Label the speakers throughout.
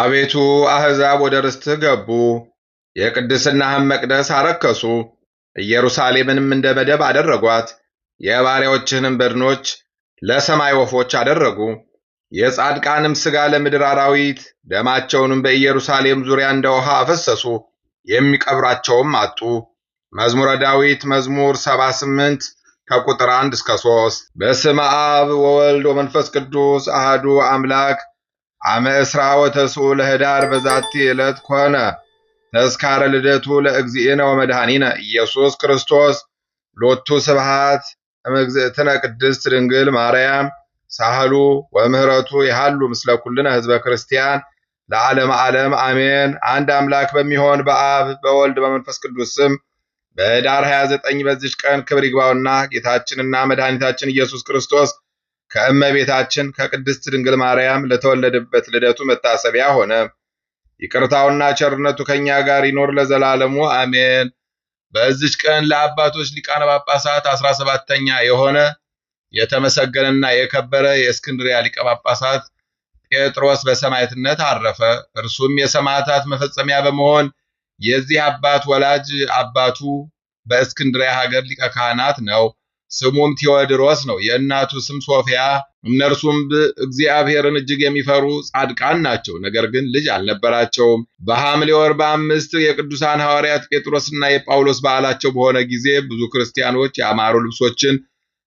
Speaker 1: አቤቱ አሕዛብ ወደ ርስትህ ገቡ፣ የቅድስናህን መቅደስ አረከሱ። ኢየሩሳሌምንም እንደ መደብ አደረጓት፣ የባሪያዎችህንም በድኖች ለሰማይ ወፎች አደረጉ። የጻድቃንም ሥጋ ለምድር አራዊት፣ ደማቸውንም በኢየሩሳሌም ዙሪያ እንደ ውሃ አፈሰሱ፣ የሚቀብራቸውም አጡ። መዝሙረ ዳዊት መዝሙር 78 ከቁጥር 1 እስከ 3። በስመ አብ ወወልድ ወመንፈስ ቅዱስ አህዱ አምላክ አመ እስራ ወተስኡ ለህዳር በዛቲ ዕለት ኮነ ተስካረ ልደቱ ለእግዚእነ ወመድኃኒነ ኢየሱስ ክርስቶስ ሎቱ ስብሃት እምእግዝእትነ ቅድስት ድንግል ማርያም ሳህሉ ወምህረቱ ይሃሉ ምስለ ኩልነ ህዝበ ክርስቲያን ለዓለም ዓለም አሜን። አንድ አምላክ በሚሆን በአብ በወልድ በመንፈስ ቅዱስ ስም በህዳር 29 በዚች ቀን ክብር ይግባውና ጌታችንና መድኃኒታችን ኢየሱስ ክርስቶስ ከእመቤታችን ከቅድስት ድንግል ማርያም ለተወለደበት ልደቱ መታሰቢያ ሆነ። ይቅርታውና ቸርነቱ ከእኛ ጋር ይኖር ለዘላለሙ አሜን። በዚች ቀን ለአባቶች ሊቃነ ጳጳሳት አስራ ሰባተኛ የሆነ የተመሰገነና የከበረ የእስክንድሪያ ሊቀ ጳጳሳት ጴጥሮስ በሰማዕትነት አረፈ። እርሱም የሰማዕታት መፈጸሚያ በመሆን የዚህ አባት ወላጅ አባቱ በእስክንድሪያ ሀገር ሊቀ ካህናት ነው። ስሙም ቴዎድሮስ ነው። የእናቱ ስም ሶፊያ። እነርሱም እግዚአብሔርን እጅግ የሚፈሩ ጻድቃን ናቸው። ነገር ግን ልጅ አልነበራቸውም። በሐምሌ ወር በአምስት የቅዱሳን ሐዋርያት ጴጥሮስና የጳውሎስ በዓላቸው በሆነ ጊዜ ብዙ ክርስቲያኖች ያማሩ ልብሶችን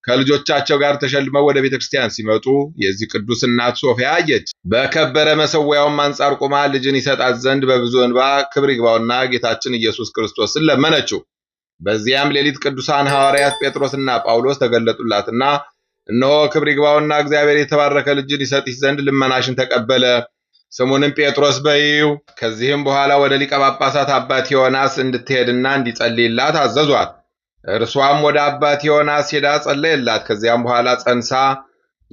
Speaker 1: ከልጆቻቸው ጋር ተሸልመው ወደ ቤተ ክርስቲያን ሲመጡ የዚህ ቅዱስ እናት ሶፊያ አየች። በከበረ መሰዊያውም አንጻር ቆማ ልጅን ይሰጣት ዘንድ በብዙ እንባ ክብር ይግባውና ጌታችን ኢየሱስ ክርስቶስን ለመነችው። በዚያም ሌሊት ቅዱሳን ሐዋርያት ጴጥሮስና ጳውሎስ ተገለጡላትና እነሆ ክብር ይግባውና እግዚአብሔር የተባረከ ልጅን ይሰጥሽ ዘንድ ልመናሽን ተቀበለ፣ ስሙንም ጴጥሮስ በይው። ከዚህም በኋላ ወደ ሊቀ ጳጳሳት አባት ዮናስ እንድትሄድና እንዲጸልይላት አዘዟት። እርሷም ወደ አባት ዮናስ ሄዳ ጸለየላት። ከዚያም በኋላ ጸንሳ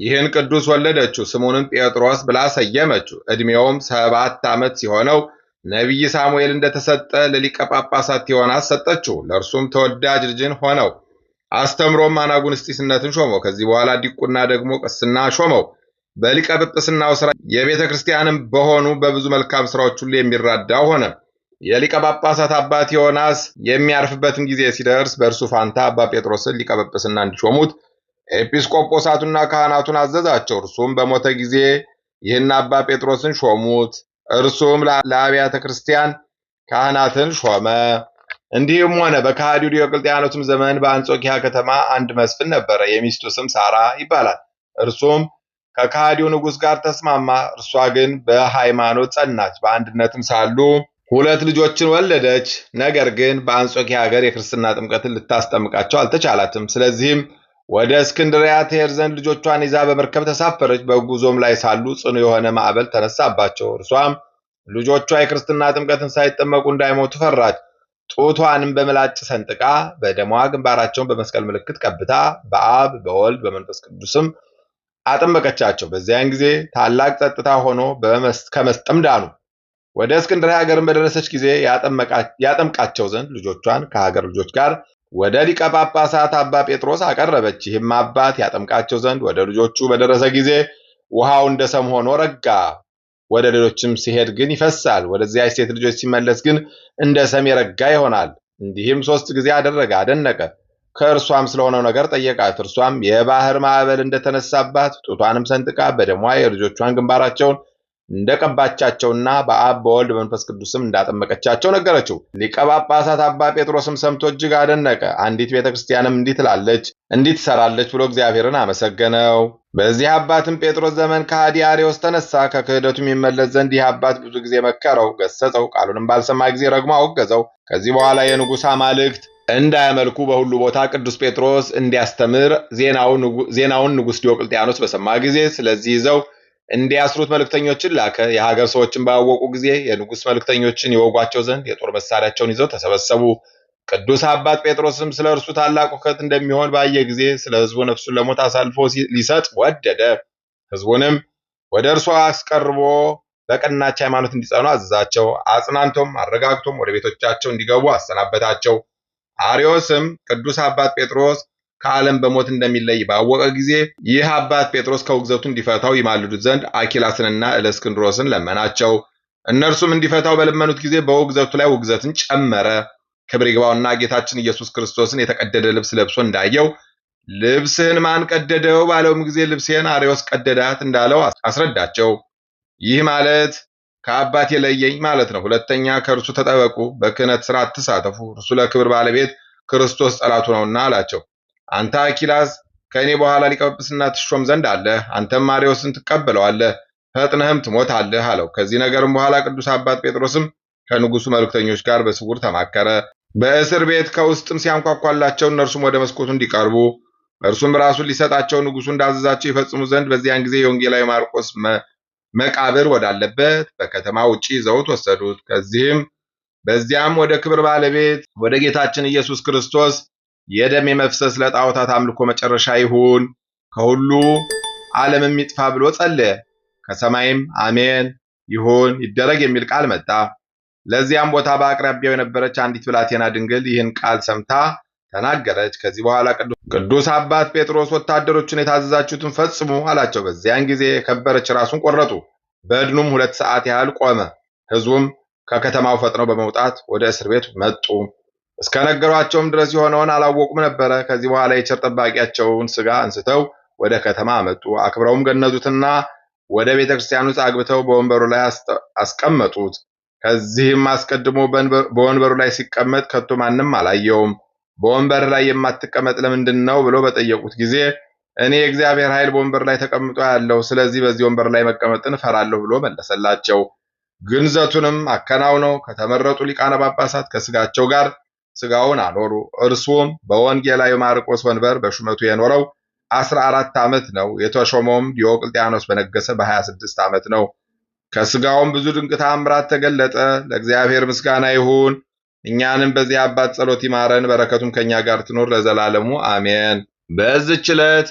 Speaker 1: ይህን ቅዱስ ወለደችው። ስሙንም ጴጥሮስ ብላ ሰየመችው። ዕድሜውም ሰባት ዓመት ሲሆነው ነቢይ ሳሙኤል እንደተሰጠ ለሊቀ ጳጳሳት ቴዎናስ ሰጠችው። ለእርሱም ተወዳጅ ልጅን ሆነው አስተምሮም አናጉንስጢስነትን ሾመው። ከዚህ በኋላ ዲቁና ደግሞ ቅስና ሾመው። በሊቀ ጵጵስናው ስራ የቤተ ክርስቲያንም በሆኑ በብዙ መልካም ስራዎች ሁሉ የሚራዳ ሆነ። የሊቀ ጳጳሳት አባት ዮናስ የሚያርፍበትን ጊዜ ሲደርስ በእርሱ ፋንታ አባ ጴጥሮስን ሊቀ ጵጵስና እንዲሾሙት ኤጲስቆጶሳቱና ካህናቱን አዘዛቸው። እርሱም በሞተ ጊዜ ይህን አባ ጴጥሮስን ሾሙት። እርሱም ለአብያተ ክርስቲያን ካህናትን ሾመ። እንዲህም ሆነ በከሃዲው ዲዮቅልጥያኖስም ዘመን በአንጾኪያ ከተማ አንድ መስፍን ነበረ። የሚስቱ ስም ሳራ ይባላል። እርሱም ከካህዲው ንጉሥ ጋር ተስማማ። እርሷ ግን በሃይማኖት ጸናች። በአንድነትም ሳሉ ሁለት ልጆችን ወለደች። ነገር ግን በአንጾኪያ ሀገር የክርስትና ጥምቀትን ልታስጠምቃቸው አልተቻላትም። ስለዚህም ወደ እስክንድሪያ ትሄድ ዘንድ ልጆቿን ይዛ በመርከብ ተሳፈረች። በጉዞም ላይ ሳሉ ጽኑ የሆነ ማዕበል ተነሳባቸው። እርሷም ልጆቿ የክርስትና ጥምቀትን ሳይጠመቁ እንዳይሞቱ ፈራች። ጡቷንም በምላጭ ሰንጥቃ በደሟ ግንባራቸውን በመስቀል ምልክት ቀብታ በአብ በወልድ በመንፈስ ቅዱስም አጠመቀቻቸው። በዚያን ጊዜ ታላቅ ጸጥታ ሆኖ ከመስጠም ዳኑ። ወደ እስክንድርያ ሀገርን በደረሰች ጊዜ ያጠምቃቸው ዘንድ ልጆቿን ከሀገር ልጆች ጋር ወደ ሊቀ ጳጳሳት አባ ጴጥሮስ አቀረበች። ይህም አባት ያጠምቃቸው ዘንድ ወደ ልጆቹ በደረሰ ጊዜ ውሃው እንደ ሰም ሆኖ ረጋ፣ ወደ ሌሎችም ሲሄድ ግን ይፈሳል። ወደዚያ ሴት ልጆች ሲመለስ ግን እንደ ሰም የረጋ ይሆናል። እንዲህም ሶስት ጊዜ አደረገ፣ አደነቀ። ከእርሷም ስለሆነው ነገር ጠየቃት። እርሷም የባህር ማዕበል እንደተነሳባት ጡቷንም ሰንጥቃ በደሟ የልጆቿን ግንባራቸውን እንደቀባቻቸውና በአብ በወልድ በመንፈስ ቅዱስም እንዳጠመቀቻቸው ነገረችው። ሊቀ ጳጳሳት አባ ጴጥሮስም ሰምቶ እጅግ አደነቀ። አንዲት ቤተ ክርስቲያንም እንዲህ ትላለች፣ እንዲህ ትሰራለች ብሎ እግዚአብሔርን አመሰገነው። በዚህ አባትም ጴጥሮስ ዘመን ከሃዲ አርዮስ ተነሳ። ከክህደቱ የሚመለስ ዘንድ ይህ አባት ብዙ ጊዜ መከረው፣ ገሰጸው። ቃሉንም ባልሰማ ጊዜ ረግሞ አወገዘው። ከዚህ በኋላ የንጉሥ አማልክት እንዳያመልኩ በሁሉ ቦታ ቅዱስ ጴጥሮስ እንዲያስተምር ዜናውን ንጉሥ ዲዮቅልጥያኖስ በሰማ ጊዜ ስለዚህ ይዘው እንዲያስሩት መልእክተኞችን ላከ። የሀገር ሰዎችን ባወቁ ጊዜ የንጉሥ መልእክተኞችን ይወጓቸው ዘንድ የጦር መሳሪያቸውን ይዘው ተሰበሰቡ። ቅዱስ አባት ጴጥሮስም ስለ እርሱ ታላቅ ሁከት እንደሚሆን ባየ ጊዜ ስለ ሕዝቡ ነፍሱን ለሞት አሳልፎ ሊሰጥ ወደደ። ሕዝቡንም ወደ እርሱ አስቀርቦ በቀናች ሃይማኖት እንዲጸኑ አዘዛቸው። አጽናንቶም አረጋግቶም ወደ ቤቶቻቸው እንዲገቡ አሰናበታቸው። አርዮስም ቅዱስ አባት ጴጥሮስ ከዓለም በሞት እንደሚለይ ባወቀ ጊዜ ይህ አባት ጴጥሮስ ከውግዘቱ እንዲፈታው ይማልዱት ዘንድ አኪላስንና እለስክንድሮስን ለመናቸው። እነርሱም እንዲፈታው በለመኑት ጊዜ በውግዘቱ ላይ ውግዘትን ጨመረ። ክብር ይግባውና ጌታችን ኢየሱስ ክርስቶስን የተቀደደ ልብስ ለብሶ እንዳየው ልብስህን ማን ቀደደው ባለውም ጊዜ ልብሴን አሪዎስ ቀደዳት እንዳለው አስረዳቸው። ይህ ማለት ከአባት የለየኝ ማለት ነው። ሁለተኛ ከእርሱ ተጠበቁ፣ በክህነት ስራ አትሳተፉ፣ እርሱ ለክብር ባለቤት ክርስቶስ ጠላቱ ነውና አላቸው። አንተ አኪላስ ከእኔ በኋላ ሊቀ ጵጵስና ትሾም ዘንድ አለህ። አንተም ማሪዎስን ትቀበለዋለህ፣ ፈጥነህም ትሞታለህ አለው። ከዚህ ነገርም በኋላ ቅዱስ አባት ጴጥሮስም ከንጉሱ መልእክተኞች ጋር በስውር ተማከረ። በእስር ቤት ከውስጥም ሲያንኳኳላቸው እነርሱም ወደ መስኮቱ እንዲቀርቡ እርሱም ራሱን ሊሰጣቸው ንጉሱ እንዳዘዛቸው ይፈጽሙ ዘንድ በዚያን ጊዜ የወንጌላዊ ማርቆስ መቃብር ወዳለበት በከተማ ውጪ ይዘውት ወሰዱት። ከዚህም በዚያም ወደ ክብር ባለቤት ወደ ጌታችን ኢየሱስ ክርስቶስ የደም የመፍሰስ ለጣዖታት አምልኮ መጨረሻ ይሁን፣ ከሁሉ ዓለምም ይጥፋ ብሎ ጸለየ። ከሰማይም አሜን ይሁን ይደረግ የሚል ቃል መጣ። ለዚያም ቦታ በአቅራቢያው የነበረች አንዲት ብላቴና ድንግል ይህን ቃል ሰምታ ተናገረች። ከዚህ በኋላ ቅዱስ አባት ጴጥሮስ ወታደሮችን የታዘዛችሁትን ፈጽሙ አላቸው። በዚያን ጊዜ የከበረች ራሱን ቆረጡ። በድኑም ሁለት ሰዓት ያህል ቆመ። ሕዝቡም ከከተማው ፈጥነው በመውጣት ወደ እስር ቤት መጡ። እስከ ነገሯቸውም ድረስ የሆነውን አላወቁም ነበረ። ከዚህ በኋላ የቸር ጠባቂያቸውን ስጋ አንስተው ወደ ከተማ አመጡ። አክብረውም ገነዙትና ወደ ቤተ ክርስቲያን ውስጥ አግብተው በወንበሩ ላይ አስቀመጡት። ከዚህም አስቀድሞ በወንበሩ ላይ ሲቀመጥ ከቶ ማንም አላየውም። በወንበር ላይ የማትቀመጥ ለምንድን ነው ብሎ በጠየቁት ጊዜ እኔ የእግዚአብሔር ኃይል በወንበር ላይ ተቀምጦ ያለው፣ ስለዚህ በዚህ ወንበር ላይ መቀመጥን እፈራለሁ ብሎ መለሰላቸው። ግንዘቱንም አከናውነው ከተመረጡ ሊቃነ ጳጳሳት ከስጋቸው ጋር ስጋውን አኖሩ። እርሱም በወንጌላዊ ማርቆስ ወንበር በሹመቱ የኖረው አስራ አራት ዓመት ነው። የተሾመውም ዲዮቅልጥያኖስ በነገሰ በ26 ዓመት ነው። ከስጋውም ብዙ ድንቅ ተአምራት ተገለጠ። ለእግዚአብሔር ምስጋና ይሁን። እኛንም በዚህ አባት ጸሎት ይማረን፣ በረከቱም ከእኛ ጋር ትኖር ለዘላለሙ አሜን። በዚች ዕለት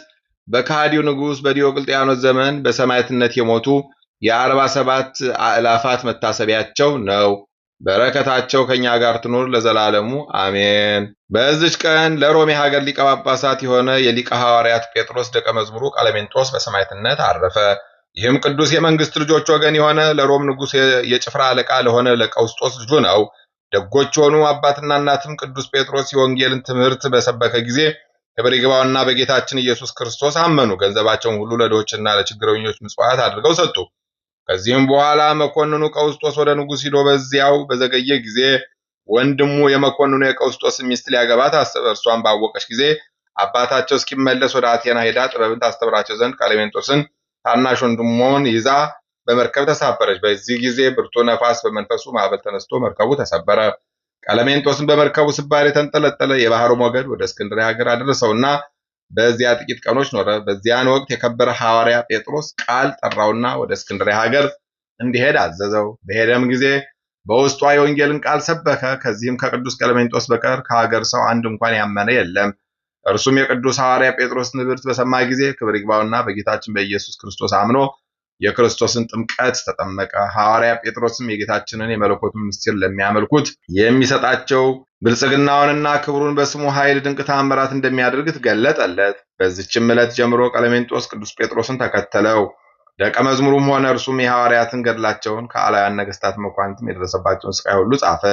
Speaker 1: በከሃዲው ንጉሥ በዲዮቅልጥያኖስ ዘመን በሰማዕትነት የሞቱ የአርባ ሰባት አእላፋት መታሰቢያቸው ነው። በረከታቸው ከኛ ጋር ትኑር ለዘላለሙ አሜን። በዚች ቀን ለሮሜ ሀገር ሊቀ ጳጳሳት የሆነ የሊቀ ሐዋርያት ጴጥሮስ ደቀ መዝሙሩ ቀለሜንጦስ በሰማዕትነት አረፈ። ይህም ቅዱስ የመንግስት ልጆች ወገን የሆነ ለሮም ንጉሥ የጭፍራ አለቃ ለሆነ ለቀውስጦስ ልጁ ነው። ደጎች የሆኑ አባትና እናትም ቅዱስ ጴጥሮስ የወንጌልን ትምህርት በሰበከ ጊዜ ክብር ይግባውና በጌታችን ኢየሱስ ክርስቶስ አመኑ። ገንዘባቸውን ሁሉ ለድሆችና ለችግረኞች ምጽዋት አድርገው ሰጡ። ከዚህም በኋላ መኮንኑ ቀውስጦስ ወደ ንጉሥ ሂዶ በዚያው በዘገየ ጊዜ ወንድሙ የመኮንኑ የቀውስጦስ ሚስት ሊያገባ ታሰበ። እርሷን ባወቀች ጊዜ አባታቸው እስኪመለስ ወደ አቴና ሄዳ ጥበብን ታስተምራቸው ዘንድ ቀለሜንጦስን ታናሽ ወንድሞን ይዛ በመርከብ ተሳፈረች። በዚህ ጊዜ ብርቱ ነፋስ በመንፈሱ ማዕበል ተነስቶ መርከቡ ተሰበረ። ቀለሜንጦስን በመርከቡ ስባሪ ተንጠለጠለ። የባህሩ ሞገድ ወደ እስክንድርያ ሀገር አደረሰውና በዚያ ጥቂት ቀኖች ኖረ። በዚያን ወቅት የከበረ ሐዋርያ ጴጥሮስ ቃል ጠራውና ወደ እስክንድርያ ሀገር እንዲሄድ አዘዘው። በሄደም ጊዜ በውስጧ የወንጌልን ቃል ሰበከ። ከዚህም ከቅዱስ ቀለሜንጦስ በቀር ከሀገር ሰው አንድ እንኳን ያመነ የለም። እርሱም የቅዱስ ሐዋርያ ጴጥሮስ ንብርት በሰማ ጊዜ ክብር ይግባውና በጌታችን በኢየሱስ ክርስቶስ አምኖ የክርስቶስን ጥምቀት ተጠመቀ። ሐዋርያ ጴጥሮስም የጌታችንን የመለኮቱን ምስጢር ለሚያመልኩት የሚሰጣቸው ብልጽግናውንና ክብሩን በስሙ ኃይል ድንቅ ተአምራት እንደሚያደርግ ትገለጠለት በዚችም ዕለት ጀምሮ ቀለሜንጦስ ቅዱስ ጴጥሮስን ተከተለው። ደቀ መዝሙሩም ሆነ እርሱም የሐዋርያትን ገድላቸውን ከአላውያን ነገሥታት መኳንንትም የደረሰባቸውን ስቃይ ሁሉ ጻፈ።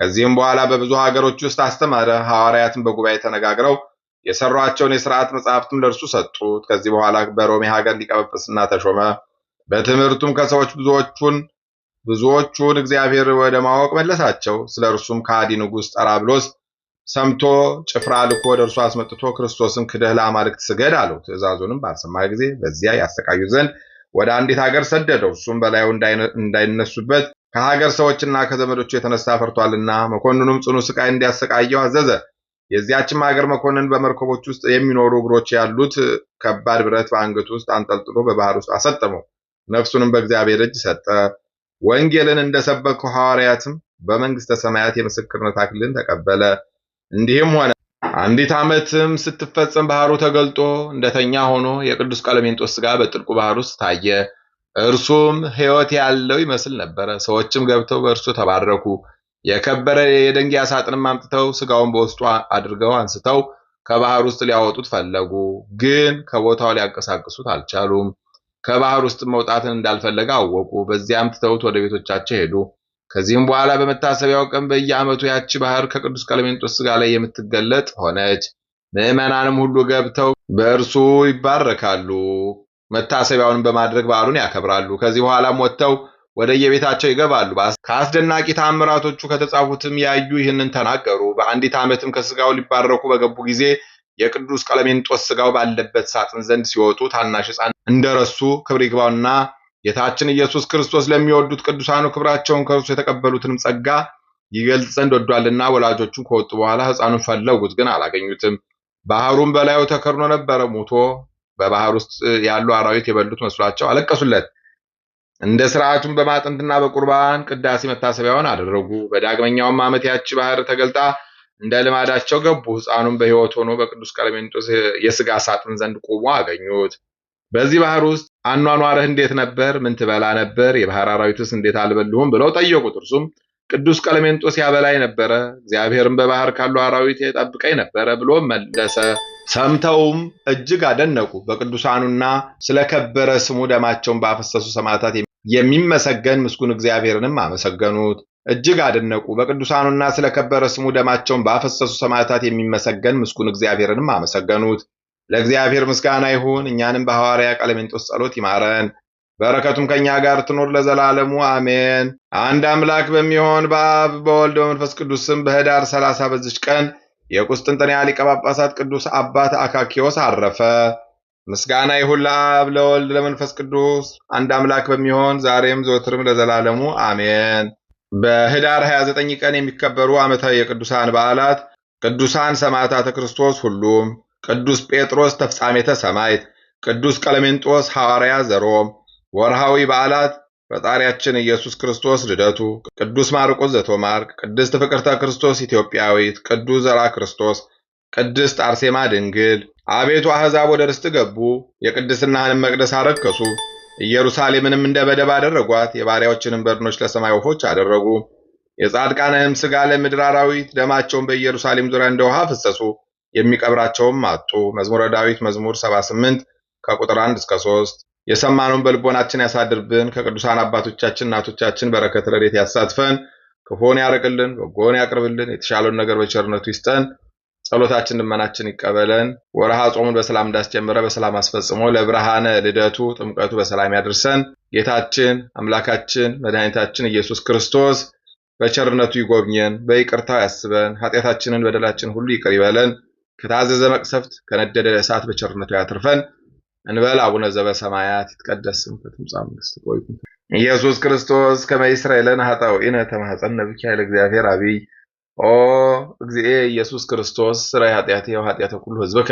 Speaker 1: ከዚህም በኋላ በብዙ ሀገሮች ውስጥ አስተማረ። ሐዋርያትን በጉባኤ ተነጋግረው የሰሯቸውን የስርዓት መጽሐፍትም ለእርሱ ሰጡት። ከዚህ በኋላ በሮሜ ሀገር ሊቀ ጵጵስና ተሾመ። በትምህርቱም ከሰዎች ብዙዎቹን ብዙዎቹን እግዚአብሔር ወደ ማወቅ መለሳቸው። ስለ እርሱም ከሃዲ ንጉሥ ጠራብሎስ ሰምቶ ጭፍራ ልኮ ወደ እርሱ አስመጥቶ ክርስቶስን ክደህ ለአማልክት ስገድ አለው። ትእዛዙንም ባልሰማ ጊዜ በዚያ ያሰቃዩት ዘንድ ወደ አንዲት ሀገር ሰደደው። እሱም በላዩ እንዳይነሱበት ከሀገር ሰዎችና ከዘመዶቹ የተነሳ ፈርቷልና። መኮንኑም ጽኑ ስቃይ እንዲያሰቃየው አዘዘ። የዚያችም ሀገር መኮንን በመርከቦች ውስጥ የሚኖሩ እግሮች ያሉት ከባድ ብረት በአንገቱ ውስጥ አንጠልጥሎ በባህር ውስጥ አሰጠመው። ነፍሱንም በእግዚአብሔር እጅ ሰጠ። ወንጌልን እንደሰበኩ ሐዋርያትም በመንግሥተ ሰማያት የምስክርነት አክሊልን ተቀበለ። እንዲህም ሆነ አንዲት ዓመትም ስትፈጸም ባህሩ ተገልጦ እንደተኛ ሆኖ የቅዱስ ቀለሜንጦስ ሥጋ በጥልቁ ባህር ውስጥ ታየ። እርሱም ሕይወት ያለው ይመስል ነበረ። ሰዎችም ገብተው በእርሱ ተባረኩ። የከበረ የደንጊያ ሳጥንም አምጥተው ሥጋውን በውስጡ አድርገው አንስተው ከባህር ውስጥ ሊያወጡት ፈለጉ፣ ግን ከቦታው ሊያንቀሳቅሱት አልቻሉም። ከባህር ውስጥ መውጣትን እንዳልፈለገ አወቁ። በዚያም ትተውት ወደ ቤቶቻቸው ሄዱ። ከዚህም በኋላ በመታሰቢያው ቀን በየዓመቱ ያቺ ባህር ከቅዱስ ቀለሜንጦስ ሥጋ ላይ የምትገለጥ ሆነች። ምዕመናንም ሁሉ ገብተው በእርሱ ይባረካሉ። መታሰቢያውን በማድረግ በዓሉን ያከብራሉ። ከዚህ በኋላም ወጥተው ወደየቤታቸው ይገባሉ። ከአስደናቂ ታምራቶቹ ከተጻፉትም ያዩ ይህንን ተናገሩ። በአንዲት ዓመትም ከሥጋው ሊባረኩ በገቡ ጊዜ የቅዱስ ቀለሜንጦስ ሥጋው ባለበት ሳጥን ዘንድ ሲወጡ ታናሽ ሕፃን እንደረሱ ክብር ይግባውና ጌታችን ኢየሱስ ክርስቶስ ለሚወዱት ቅዱሳኑ ክብራቸውን ከእርሱ የተቀበሉትንም ጸጋ ይገልጽ ዘንድ ወዷልና ወላጆቹን ከወጡ በኋላ ሕፃኑን ፈለጉት፣ ግን አላገኙትም። ባህሩን በላዩ ተከርኖ ነበረ። ሞቶ በባህር ውስጥ ያሉ አራዊት የበሉት መስሏቸው አለቀሱለት። እንደ ስርዓቱን በማጠንትና በቁርባን ቅዳሴ መታሰቢያውን አደረጉ። በዳግመኛውም ዓመት ያቺ ባህር ተገልጣ እንደ ልማዳቸው ገቡ። ሕፃኑም በሕይወት ሆኖ በቅዱስ ቀለሜንጦስ የስጋ ሳጥን ዘንድ ቆሞ አገኙት። በዚህ ባህር ውስጥ አኗኗርህ እንዴት ነበር? ምን ትበላ ነበር? የባህር አራዊትስ እንዴት አልበልሁም ብለው ጠየቁት። እርሱም ቅዱስ ቀለሜንጦስ ያበላይ ነበረ፣ እግዚአብሔርም በባህር ካሉ አራዊት የጠብቀኝ ነበረ ብሎ መለሰ። ሰምተውም እጅግ አደነቁ። በቅዱሳኑና ስለከበረ ስሙ ደማቸውን ባፈሰሱ ሰማዕታት የሚመሰገን ምስጉን እግዚአብሔርንም አመሰገኑት። እጅግ አደነቁ። በቅዱሳኑና ስለከበረ ስሙ ደማቸውን ባፈሰሱ ሰማዕታት የሚመሰገን ምስጉን እግዚአብሔርንም አመሰገኑት። ለእግዚአብሔር ምስጋና ይሁን። እኛንም በሐዋርያ ቀለሜንጦስ ጸሎት ይማረን፣ በረከቱም ከእኛ ጋር ትኖር ለዘላለሙ አሜን። አንድ አምላክ በሚሆን በአብ በወልድ በመንፈስ ቅዱስ ስም በኅዳር ሰላሳ በዚች ቀን የቁስጥንጥንያ ሊቀ ጳጳሳት ቅዱስ አባት አካኪዮስ አረፈ። ምስጋና ይሁን ለአብ ለወልድ ለመንፈስ ቅዱስ አንድ አምላክ በሚሆን ዛሬም ዘወትርም ለዘላለሙ አሜን። በኅዳር 29 ቀን የሚከበሩ ዓመታዊ የቅዱሳን በዓላት፦ ቅዱሳን ሰማዕታተ ክርስቶስ ሁሉም ቅዱስ ጴጥሮስ ተፍጻሜተ ሰማዕት፣ ቅዱስ ቀለሜንጦስ ሐዋርያ ዘሮም። ወርሃዊ በዓላት ፈጣሪያችን ኢየሱስ ክርስቶስ ልደቱ፣ ቅዱስ ማርቆስ ዘቶማርክ፣ ቅድስት ፍቅርተ ክርስቶስ ኢትዮጵያዊት፣ ቅዱስ ዘራ ክርስቶስ፣ ቅድስት አርሴማ ድንግል። አቤቱ አሕዛብ ወደ ርስት ገቡ፣ የቅድስናህንም መቅደስ አረከሱ። ኢየሩሳሌምንም እንደ በደብ አደረጓት፣ የባሪያዎችንም በድኖች ለሰማይ ወፎች አደረጉ። የጻድቃንህም ሥጋ ለምድር አራዊት፣ ደማቸውን በኢየሩሳሌም ዙሪያ እንደ ውሃ ፈሰሱ። የሚቀብራቸውም አጡ። መዝሙረ ዳዊት መዝሙር 78 ከቁጥር 1 እስከ 3። የሰማነውን በልቦናችን ያሳድርብን። ከቅዱሳን አባቶቻችን እናቶቻችን በረከት ረድኤት ያሳትፈን። ክፉን ያርቅልን፣ በጎን ያቅርብልን። የተሻለውን ነገር በቸርነቱ ይስጠን። ጸሎታችን ልመናችን ይቀበለን። ወርሃ ጾሙን በሰላም እንዳስጀምረ በሰላም አስፈጽሞ ለብርሃነ ልደቱ ጥምቀቱ በሰላም ያደርሰን። ጌታችን አምላካችን መድኃኒታችን ኢየሱስ ክርስቶስ በቸርነቱ ይጎብኘን፣ በይቅርታው ያስበን፣ ኃጢአታችንን በደላችን ሁሉ ይቅር ይበለን። ከታዘዘ መቅሰፍት ከነደደ እሳት በቸርነቱ ያትርፈን እንበል። አቡነ ዘበሰማያት ይትቀደስ ስምከ ትምጻእ መንግሥትከ ወይኩን ኢየሱስ ክርስቶስ ከመ ይስረይ ኃጣውኢነ ተማኅፀነ ብከ ኃይለ እግዚአብሔር አብይ ኦ እግዚእየ ኢየሱስ ክርስቶስ ስራይ ኃጢአትየ ወኃጢአተ ኩሉ ህዝብከ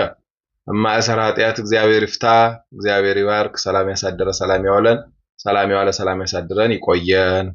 Speaker 1: እማእሰር ኃጢአት እግዚአብሔር ይፍታ። እግዚአብሔር ይባርክ። ሰላም ያሳደረ ሰላም ያውለን። ሰላም ያዋለ ሰላም ያሳድረን። ይቆየን።